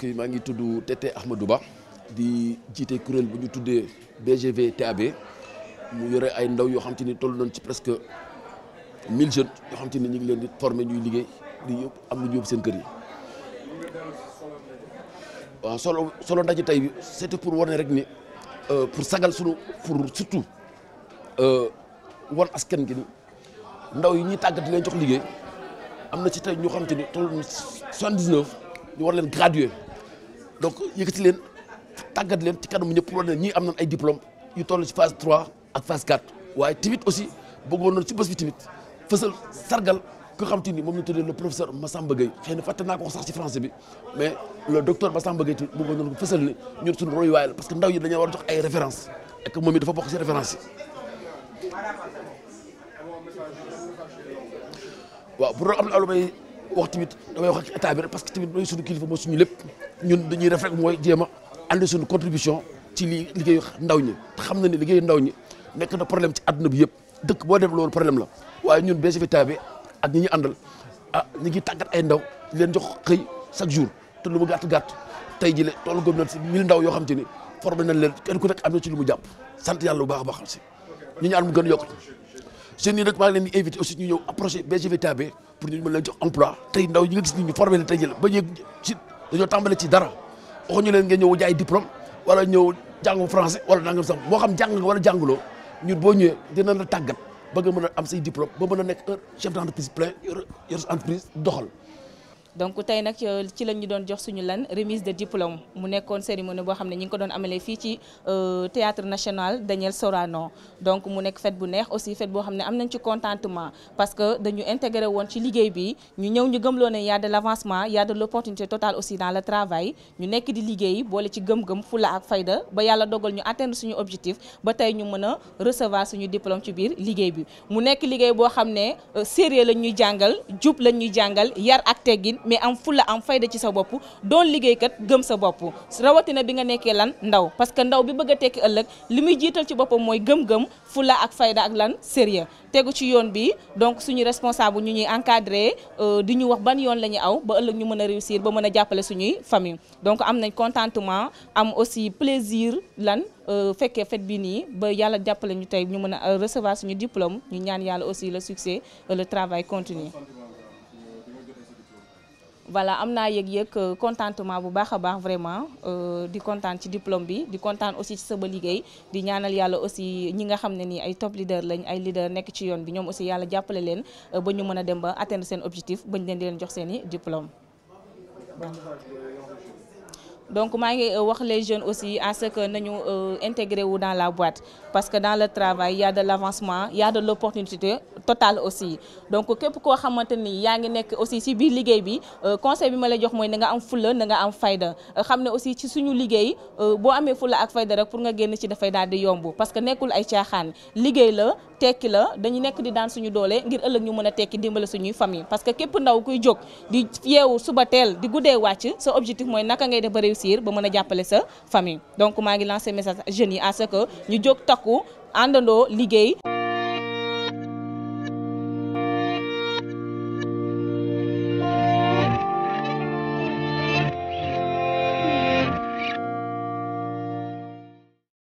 mbokk maa ngi tudd Tete Ahmadou Ba di jiite kuréel bu ñu tuddee BGV TAB mu yore ay ndaw yoo xam te ni toll nañ ci presque mille jeunes yoo xam te ni ñu ngi leen di former ñuy liggéey di yóbbu am lu ñu yóbbu seen kër yi. solo solo ndaje tey bi pour wane rek ni euh, pour sagal sunu pour surtout euh, wan askan gi ndaw yi ñuy tàggat leen jox liggéey am na ci tey ñoo xam te ni toll soixante dix ñu war leen graduer donc yëkkati leen tàggat leen ci kanamu ñëpp war na ñii am nañ ay diplôme yu toll ci phase 3 ak phase 4 waaye tamit aussi bëggoon nañ si bés bi tamit fësal sargal ko xam te ni moom la ñu tuddee le professeur Massamba Gueye xëy na fàtte naa ko sax ci bi mais le docteur Massamba Gueye tamit bëggoon nañ ko fësal ni ñun suñu royuwaay la parce que ndaw yi dañoo war a jox ay références et que moom it dafa bokk ci références yi waaw bu doon am na wax tamit damay wax ak état bi rek parce que tamit mooy suñu kilifa mooy suñu lépp ñun dañuy def mooy jéem a ànd suñu contribution ci li liggéey ndaw ñi te xam na ne liggéey ndaw ñi nekk na problème ci àdduna bi yëpp dëkk boo def loolu problème la waaye ñun BCVTA bi ak ñi ñu àndal a ah, ñu ngi tàggat ay ndaw leen jox xëy chaque jour te lu mu gàtt gàtt tey jii la toolu góob na si mille ndaw yoo xam te ni formé nañ leen kenn ku nekk am na ci lu jàpp sant yàlla bu baax a baaxal si ñu ñaan mu gën yokk jeunes yi nag maa ngi leen di invité aussi ñu ñëw approché BGVTAB pour ñu mën leen jox emploi tey ndaw ñi nga gis ni ñu formé leen tey jël ba ñu ci jaay diplôme wala ñëw jàngu français wala nangam sax moo xam jàng nga wala jànguloo ñun boo ñëwee dinañ la tàggat ba nga mën a am say diplôme ba mën a nekk un chef d'entreprise plein yor sa entreprise doxal donc tey nag euh, ci lañ ñu doon jox suñu lan remise de diplôme mu nekkoon cérémonie boo xam ne ñi ngi ko doon amalee fii ci euh, théâtre national Daniel Sorano donc mu nekk fête bu neex aussi fête boo xam ne am nañ ci contentement parce que dañu intégré woon ci liggéey bi ñu ñëw ñu gëmloo ne y a de l' avancement y a de l' opportunité totale aussi dans le travail ñu nekk di liggéey boole ci gëm-gëm fula ak fayda ba yàlla dogal ñu atteindre suñu objectif ba tey ñu mën a recevoir suñu diplôme ci biir liggéey bi mu nekk liggéey boo xam ne euh, sérieux lañ ñuy jàngal jub lañ ñuy jàngal yar ak teggin mais am fulla am fayda ci sa bopp doon liggéeykat gëm sa bopp rawatina bi nga nekkee lan ndaw parce que ndaw bi bëgg a tekki ëllëg li muy jiital ci boppam mooy gëm-gëm fulla ak fayda ak lan sérieux tegu ci yoon bi donc suñu responsable ñu ñuy encadré euh, di ñu wax ban yoon la ñuy aw ba ëllëg ñu mën a réussir ba mën a jàppale suñuy famille donc am nañ contentement am aussi plaisir lan euh, fekkee fet bi nii ba yàlla jàppale ñu tey ñu mën a euh, recevoir suñu diplôme ñu ñaan yàlla aussi le succès le travail continu voilà am naa yëg-yëg euh, contentement bu baax a baax vraiment euh, di kontaan ci diplôme bi di kontaan aussi ci sama liggéey di ñaanal yàlla aussi ñi nga xam ne nii ay top leader lañ ay leader nekk ci yoon bi ñoom aussi yàlla jàppale leen euh, ba ñu mën a dem ba atteindre seen objectif ba ñu leen di leen jox seen i diplôme donc maa ngi wax les jeune aussi à ce que nañu intégrer wu dans la boite parce que dans le travail il y a de l'avancement il y a l'opportunité total aussi donc képp koo xamante ni yaa ngi nekk aussi ci biir liggéey bi euh, conseil bi ma lay jox mooy na nga am fulla na nga am fayda euh, xam ne aussi ci suñu liggéey euh, boo amee fulla ak fayda rek pour nga génn ci dafay daal di yomb parce que nekkul ay caaxaan liggéey la tekki la dañu nekk di daan suñu doolee ngir ëllëg ñu mën a tekki dimbale suñuy famille parce que képp ndaw kuy jóg di yeewu suba teel di guddee wàcc sa objectif mooy naka ngay def ba réussir ba mën a jàppale sa famille donc maa ngi lancé message jeunes yi que ñu jóg takku àndandoo liggéey